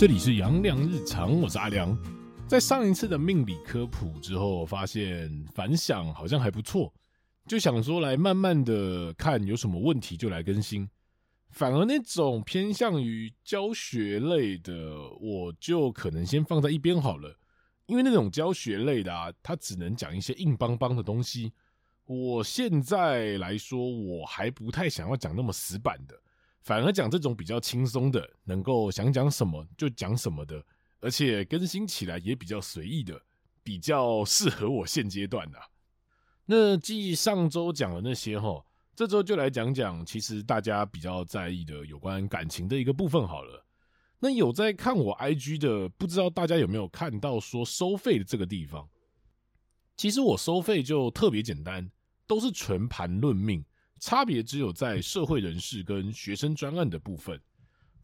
這裡是楊洋日常，我是阿良。在上一次的命理科普之後，發現反響好像還不錯，就想說來慢慢的看有什麼問題就來更新。反而那種偏向於教學類的，我就可能先放在一邊好了，因為那種教學類的，啊，它只能講一些硬邦邦的東西。我現在來說，我還不太想要講那麼死板的。反而講這種比較輕鬆的，能夠想講什麼就講什麼的，而且更新起來也比較隨意的，比較適合我現階段啊。那繼上週講的那些哈，這週就來講講其實大家比較在意的有關感情的一個部分好了。那有在看我 IG 的，不知道大家有沒有看到說收費的這個地方？其實我收費就特別簡單，都是全盤論命。差別只有在社會人士跟學生專案的部分，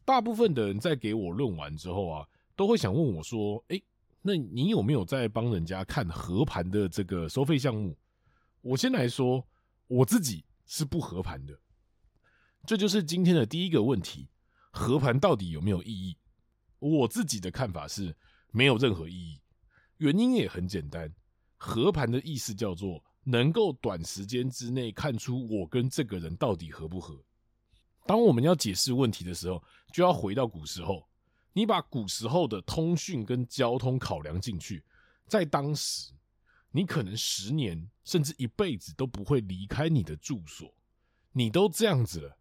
大部分的人在給我論完之後啊，都會想問我說：“哎、欸，那你有沒有在幫人家看合盤的這個收費項目？”我先來說，我自己是不合盤的，這就是今天的第一個問題：合盤到底有沒有意義？我自己的看法是沒有任何意義，原因也很簡單，合盤的意思叫做。能夠短時間之內看出我跟這個人到底合不合？當我們要解釋問題的時候，就要回到古時候。你把古時候的通訊跟交通考量進去，在當時，你可能十年甚至一輩子都不會離開你的住所，你都這樣子了。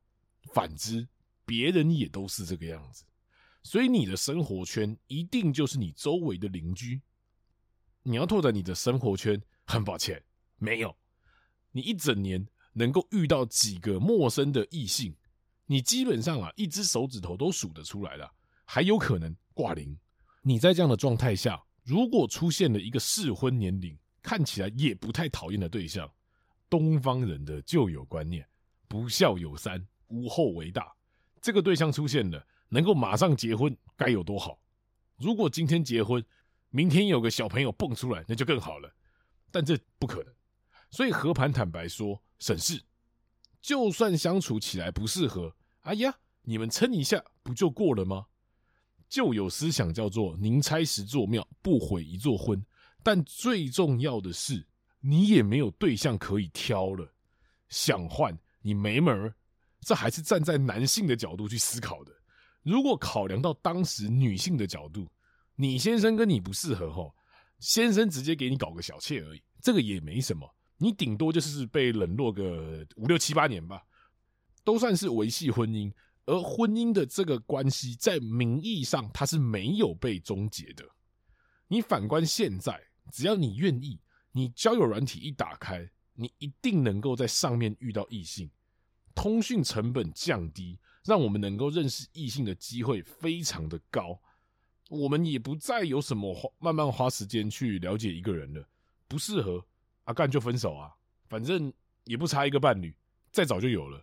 反之，別人也都是這個樣子，所以你的生活圈一定就是你周圍的鄰居。你要拓展你的生活圈，很抱歉。沒有，你一整年能夠遇到幾個陌生的異性，你基本上啊，一隻手指頭都數得出來了，還有可能掛零。你在這樣的狀態下，如果出現了一個適婚年齡，看起來也不太討厭的對象，東方人的舊有觀念，不孝有三，無後為大，這個對象出現了，能夠馬上結婚，該有多好！如果今天結婚，明天有個小朋友蹦出來，那就更好了，但這不可能。所以合盤坦白說，省事。就算相處起來不適合，哎呀，你們撐一下不就過了嗎？舊有思想叫做“寧拆十座廟，不毀一座婚”。但最重要的是，你也沒有對象可以挑了，想換你沒門兒。這還是站在男性的角度去思考的。如果考量到當時女性的角度，你先生跟你不適合哦，先生直接給你搞個小妾而已，這個也沒什麼。你頂多就是被冷落個五六七八年吧，都算是維繫婚姻。而婚姻的這個關係，在名義上它是沒有被終結的。你反觀現在，只要你願意，你交友軟體一打開，你一定能夠在上面遇到異性。通訊成本降低，讓我們能夠認識異性的機會非常的高。我們也不再有什麼花，慢慢花時間去了解一個人了，不適合。啊幹，就分手啊，反正也不差一個伴侶，再找就有了。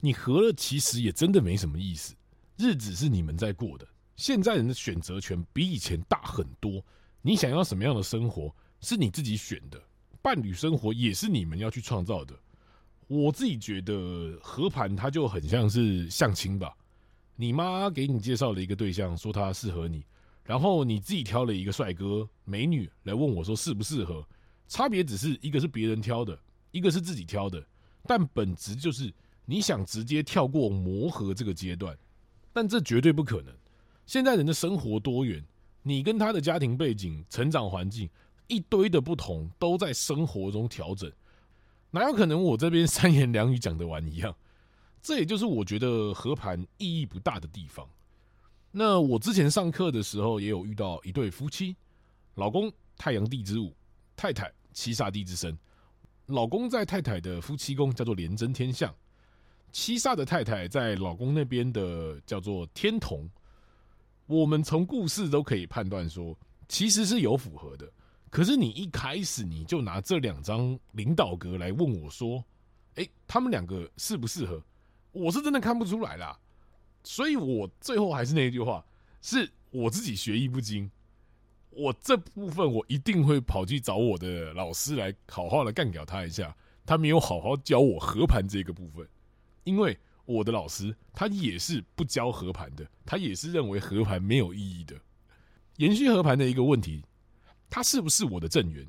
你合了，其實也真的沒什麼意思，日子是你們在過的。現在人的選擇權比以前大很多，你想要什麼樣的生活，是你自己選的。伴侶生活也是你們要去創造的。我自己覺得，合盤它就很像是相親吧。你媽給你介紹了一個對象，說他適合你，然後你自己挑了一個帥哥美女來問我說適不適合。差別只是一個是別人挑的，一個是自己挑的，但本質就是你想直接跳過磨合這個階段，但這絕對不可能。現在人的生活多元，你跟他的家庭背景、成長環境一堆的不同，都在生活中調整，哪有可能我這邊三言兩語講得完一樣？這也就是我覺得合盤意義不大的地方。那我之前上課的時候也有遇到一對夫妻，老公太陽地支午，太太。七煞地之身，老公在太太的夫妻宮叫做廉貞天相，七煞的太太在老公那邊的叫做天同。我們從故事都可以判斷說，其實是有符合的。可是你一開始你就拿這兩張領導格來問我說，哎、欸，他們兩個適不適合？我是真的看不出來啦。所以我最後還是那句話，是我自己學藝不精。我這部分我一定會跑去找我的老師來好好的幹掉他一下，他沒有好好教我合盤這個部分，因為我的老師他也是不教合盤的，他也是認為合盤沒有意義的。延續合盤的一個問題，他是不是我的正緣？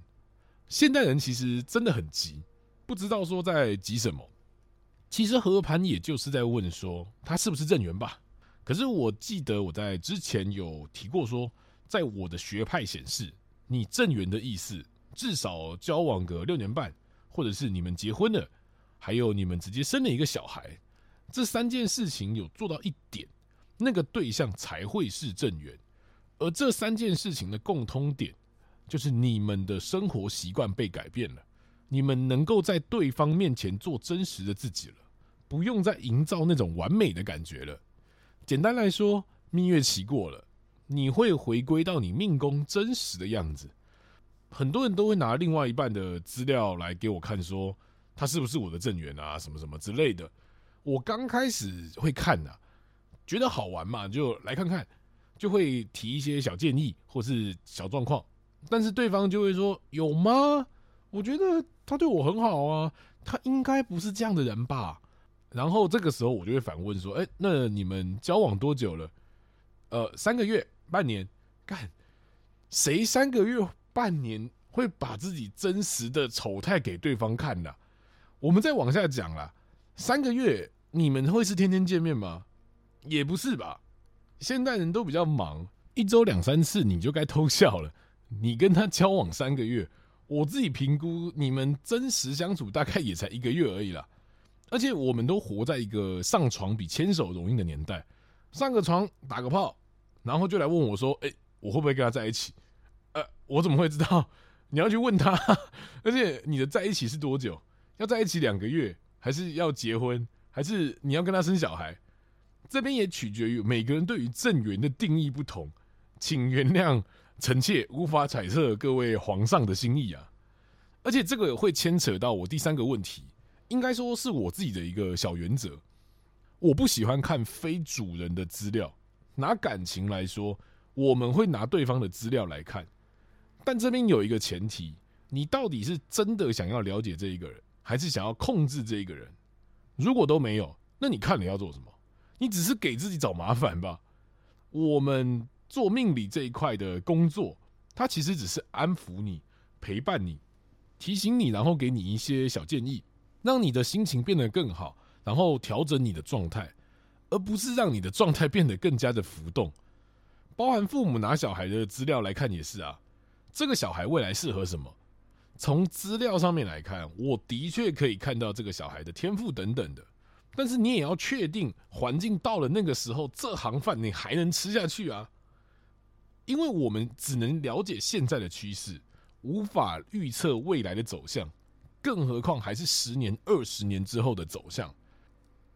現代人其實真的很急，不知道說在急什麼。其實合盤也就是在問說他是不是正緣吧。可是我記得我在之前有提過說。在我的學派顯示，你正緣的意思，至少交往個六年半，或者是你們結婚了，還有你們直接生了一個小孩，這三件事情有做到一點，那個對象才會是正緣。而這三件事情的共通點，就是你們的生活習慣被改變了，你們能夠在對方面前做真實的自己了，不用再營造那種完美的感覺了。簡單來說，蜜月期過了。你會回歸到你命宮真實的樣子，很多人都會拿另外一半的資料來給我看，說他是不是我的正緣啊，什麼什麼之類的。我剛開始會看吶，啊，覺得好玩嘛，就來看看，就會提一些小建議或是小狀況，但是對方就會說有嗎？我覺得他對我很好啊，他應該不是這樣的人吧。然後這個時候我就會反問說，欸，哎，那你們交往多久了？呃，三個月。半年幹，誰三個月、半年會把自己真實的醜態給對方看呢？啊？我們再往下講啦。三個月，你們會是天天見面嗎？也不是吧。現代人都比較忙，一周兩三次你就該偷笑了。你跟他交往三個月，我自己評估，你們真實相處大概也才一個月而已啦。而且我們都活在一個上床比牽手容易的年代，上個床打個炮。然後就來問我說：“哎，我會不會跟他在一起？呃，我怎麼會知道？你要去問他，而且你的在一起是多久？要在一起兩個月，還是要結婚？還是你要跟他生小孩？這邊也取決於每個人對於正緣的定義不同，請原諒臣妾無法揣測各位皇上的心意啊！而且這個會牽扯到我第三個問題，應該說是我自己的一個小原則，我不喜歡看非主人的資料。”拿感情來說，我們會拿對方的資料來看，但這邊有一個前提：你到底是真的想要了解這一個人，還是想要控制這一個人？如果都沒有，那你看你要做什麼？你只是給自己找麻煩吧。我們做命理這一塊的工作，它其實只是安撫你、陪伴你、提醒你，然後給你一些小建議，讓你的心情變得更好，然後調整你的狀態。而不是讓你的狀態變得更加的浮動，包含父母拿小孩的資料來看也是啊。這個小孩未來適合什麼？從資料上面來看，我的確可以看到這個小孩的天賦等等的，但是你也要確定環境到了那個時候，這行飯你還能吃下去啊？因為我們只能了解現在的趨勢，無法預測未來的走向，更何況還是十年、二十年之後的走向。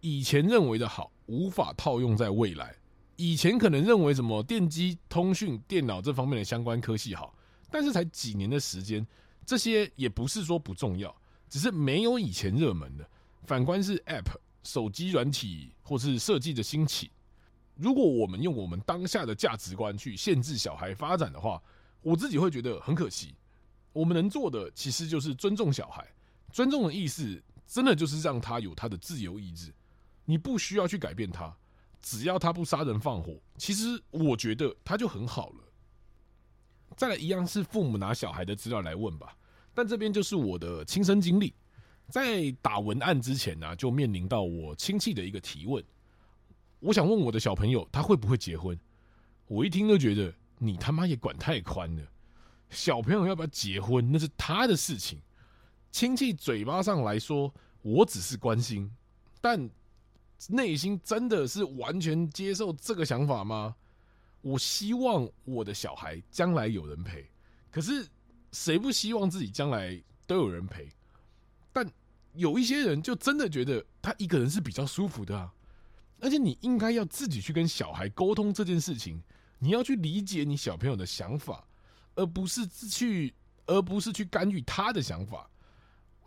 以前認為的好，無法套用在未來。以前可能認為什麼電機、通訊、電腦這方面的相關科系好，但是才幾年的時間，這些也不是說不重要，只是沒有以前熱門的。反觀是 App 手機軟體或是設計的興起。如果我們用我們當下的價值觀去限制小孩發展的話，我自己會覺得很可惜。我們能做的其實就是尊重小孩。尊重的意思，真的就是讓他有他的自由意志。你不需要去改變他，只要他不殺人放火，其實我覺得他就很好了。再來一樣是父母拿小孩的資料來問吧，但這邊就是我的親身經歷，在打文案之前呢、啊，就面臨到我親戚的一個提問，我想問我的小朋友他會不會結婚？我一聽就覺得你他媽也管太寬了，小朋友要不要結婚那是他的事情，親戚嘴巴上來說我只是關心，但。內心真的是完全接受這個想法嗎？我希望我的小孩將來有人陪，可是誰不希望自己將來都有人陪？但有一些人就真的覺得他一個人是比較舒服的啊，而且你應該要自己去跟小孩溝通這件事情，你要去理解你小朋友的想法，而不是去，而不是去干預他的想法。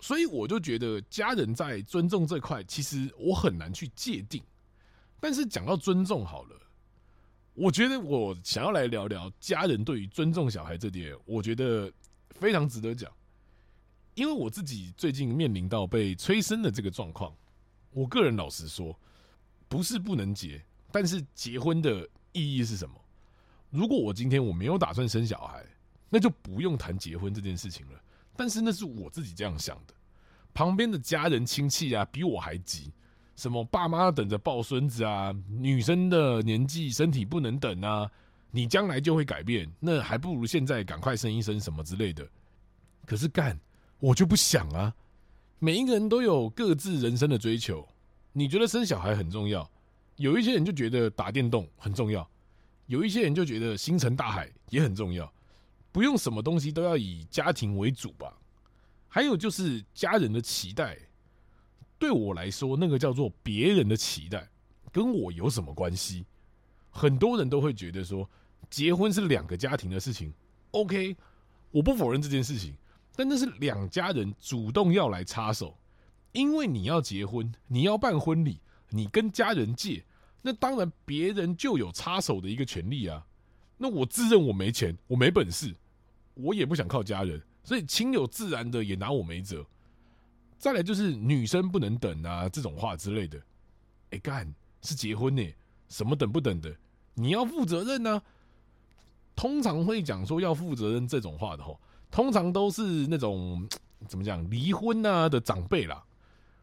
所以我就覺得家人在尊重這塊，其實我很難去界定。但是講到尊重好了，我覺得我想要來聊聊家人對於尊重小孩這點，我覺得非常值得講。因為我自己最近面臨到被催生的這個狀況，我個人老實說，不是不能結，但是結婚的意義是什麼？如果我今天我沒有打算生小孩，那就不用談結婚這件事情了。但是那是我自己這樣想的。旁邊的家人親戚啊，比我還急。什麼爸媽等着抱孫子啊，女生的年紀身體不能等啊，你將來就會改變，那還不如現在趕快生一生什麼之類的。可是幹，我就不想啊。每一個人都有各自人生的追求，你覺得生小孩很重要，有一些人就覺得打電動很重要，有一些人就覺得星辰大海也很重要。不用什麼東西都要以家庭為主吧。還有就是家人的期待，對我來說，那個叫做別人的期待，跟我有什麼關係？很多人都會覺得說，結婚是兩個家庭的事情。OK，我不否認這件事情，但那是兩家人主動要來插手，因為你要結婚，你要辦婚禮，你跟家人借，那當然別人就有插手的一個權利啊。那我自認我沒錢，我沒本事，我也不想靠家人。所以親友自然的也拿我沒轍。再來就是女生不能等啊這種話之類的，哎、欸、干是結婚呢、欸，什麼等不等的，你要負責任呢、啊。通常會講說要負責任這種話的吼，通常都是那種怎麼講離婚啊的長輩啦。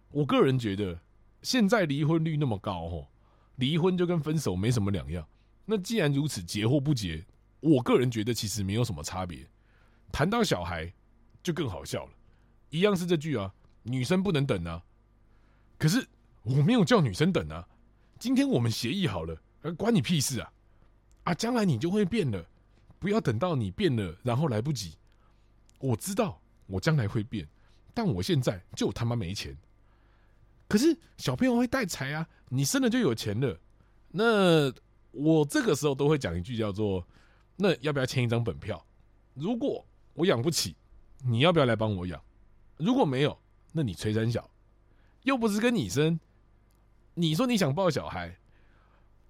我個人覺得現在離婚率那麼高哦，離婚就跟分手沒什麼兩樣。那既然如此，結或不結，我個人覺得其實沒有什麼差別。談到小孩，就更好笑了。一樣是這句啊，女生不能等啊。可是我沒有叫女生等啊。今天我們協議好了，關你屁事啊！啊，將來你就會變了，不要等到你變了然後來不及。我知道我將來會變，但我現在就他媽沒錢。可是小朋友會帶財啊，你生了就有錢了。那我這個時候都會講一句叫做：那要不要簽一張本票？如果我養不起，你要不要來幫我養？如果沒有，那你催三小，又不是跟你生。你說你想抱小孩，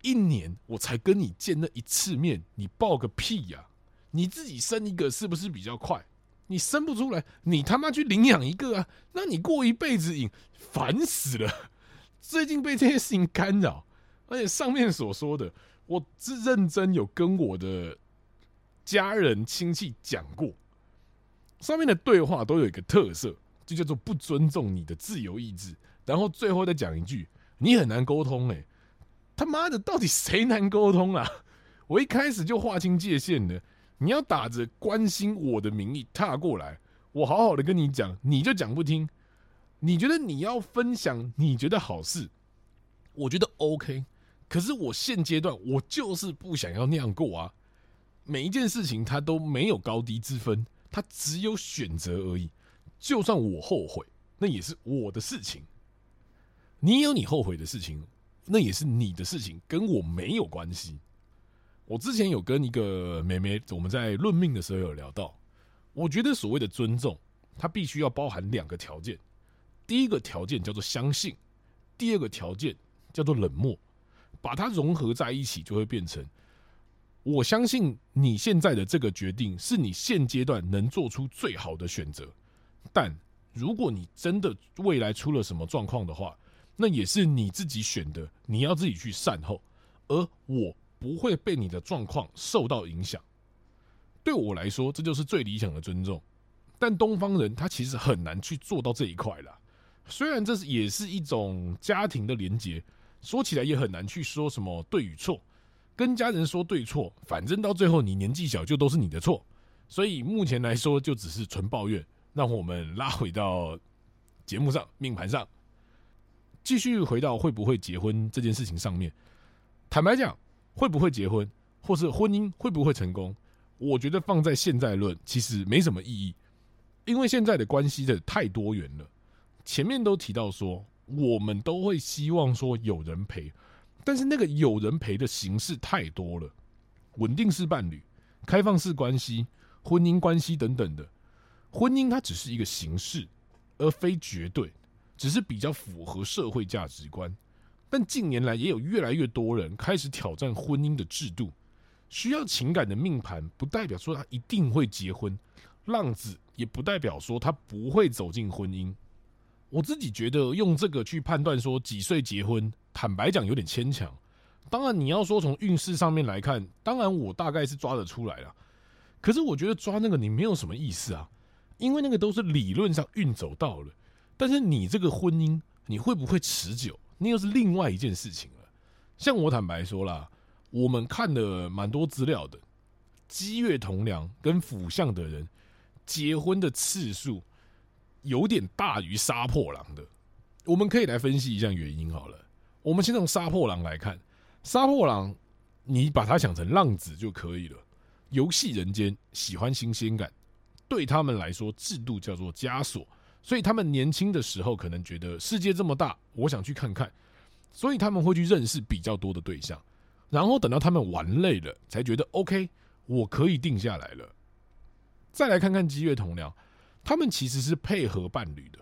一年我才跟你見那一次面，你抱個屁呀、啊！你自己生一個是不是比較快？你生不出來，你他媽去領養一個啊！那你過一輩子癮，煩死了。最近被這些事情干擾，而且上面所說的，我是認真有跟我的家人親戚講過。上面的對話都有一個特色，就叫做不尊重你的自由意志。然後最後再講一句，你很難溝通欸。誒。他媽的，到底誰難溝通啊？我一開始就劃清界限的，你要打着關心我的名義踏過來，我好好的跟你講，你就講不聽。你覺得你要分享，你覺得好事，我覺得 OK。可是我現階段，我就是不想要那樣過啊。每一件事情，它都沒有高低之分。他只有選擇而已，就算我後悔，那也是我的事情。你有你後悔的事情，那也是你的事情，跟我沒有關係。我之前有跟一個妹妹，我們在論命的時候有聊到，我覺得所謂的尊重，它必須要包含兩個條件。第一個條件叫做相信，第二個條件叫做冷漠，把它融合在一起，就會變成。我相信你現在的這個決定是你現階段能做出最好的選擇，但如果你真的未來出了什麼狀況的話，那也是你自己選的，你要自己去善後，而我不會被你的狀況受到影響。對我來說，這就是最理想的尊重。但東方人他其實很難去做到這一塊啦，雖然這是也是一種家庭的連結，說起來也很難去說什麼對與錯。跟家人說對錯，反正到最後你年紀小，就都是你的錯。所以目前來說，就只是純抱怨。讓我們拉回到節目上、命盤上，繼續回到會不會結婚這件事情上面。坦白講，會不會結婚，或是婚姻會不會成功，我覺得放在現在論，其實沒什麼意義，因為現在的關係的太多元了。前面都提到說，我們都會希望說有人陪。但是那個有人陪的形式太多了，穩定式伴侶、開放式關係、婚姻關係等等的，婚姻它只是一個形式，而非絕對，只是比較符合社會價值觀。但近年來也有越來越多人開始挑戰婚姻的制度，需要情感的命盤，不代表說他一定會結婚，浪子也不代表說他不會走進婚姻。我自己覺得用這個去判斷說幾歲結婚。坦白講，有點牽強。當然，你要說從運勢上面來看，當然我大概是抓得出來了。可是我覺得抓那個你沒有什麼意思啊，因為那個都是理論上運走到了，但是你這個婚姻你會不會持久，那又是另外一件事情了。像我坦白說了，我們看了蠻多資料的，機月同梁跟府相的人結婚的次數，有點大於殺破狼的。我們可以來分析一下原因好了。我們先從殺破狼來看，殺破狼，你把它想成浪子就可以了。遊戲人間，喜歡新鮮感，對他們來說，制度叫做枷鎖。所以他們年輕的時候可能覺得世界這麼大，我想去看看，所以他們會去認識比較多的對象。然後等到他們玩累了，才覺得 OK，我可以定下來了。再來看看機月同梁，他們其實是配合伴侶的。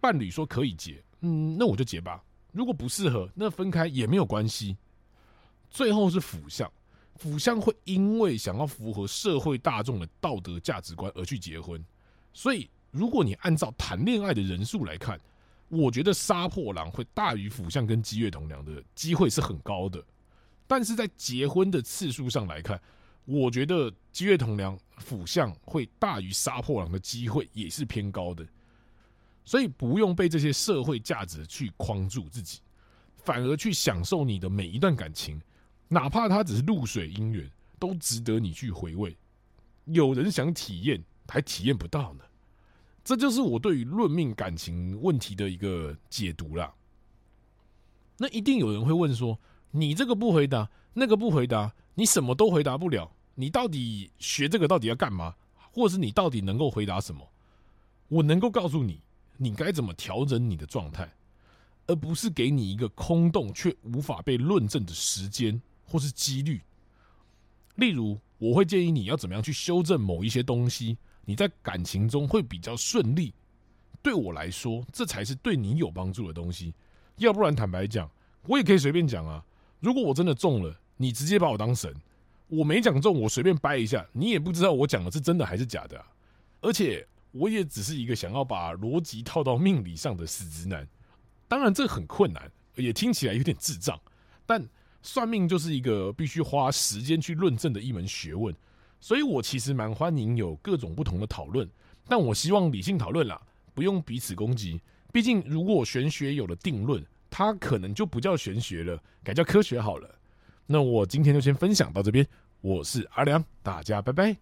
伴侶說可以結，嗯，那我就結吧。如果不適合，那分開也沒有關係。最後是府相，府相會因為想要符合社會大眾的道德價值觀而去結婚。所以，如果你按照談戀愛的人數來看，我覺得殺破狼會大於府相跟機月同梁的機會是很高的。但是在結婚的次數上來看，我覺得機月同梁府相會大於殺破狼的機會也是偏高的。所以不用被這些社會價值去框住自己，反而去享受你的每一段感情，哪怕它只是露水姻緣，都值得你去回味。有人想體驗，還體驗不到呢。這就是我對於論命感情問題的一個解讀啦。那一定有人會問說：你這個不回答，那個不回答，你什麼都回答不了。你到底學這個到底要幹嘛？或是你到底能夠回答什麼？我能夠告訴你。你該怎麼調整你的狀態，而不是給你一個空洞卻無法被論證的時間或是幾率。例如，我會建議你要怎麼樣去修正某一些東西，你在感情中會比較順利。對我來說，這才是對你有幫助的東西。要不然，坦白講，我也可以隨便講啊。如果我真的中了，你直接把我當神；我沒講中，我隨便掰一下，你也不知道我講的是真的還是假的啊。而且。我也只是一個想要把邏輯套到命理上的死直男，當然這很困難，也聽起來有點智障。但算命就是一個必須花時間去論證的一門學問，所以我其實蠻歡迎有各種不同的討論。但我希望理性討論啦，不用彼此攻擊。畢竟如果玄學有了定論，它可能就不叫玄學了，改叫科學好了。那我今天就先分享到這邊，我是阿良，大家拜拜。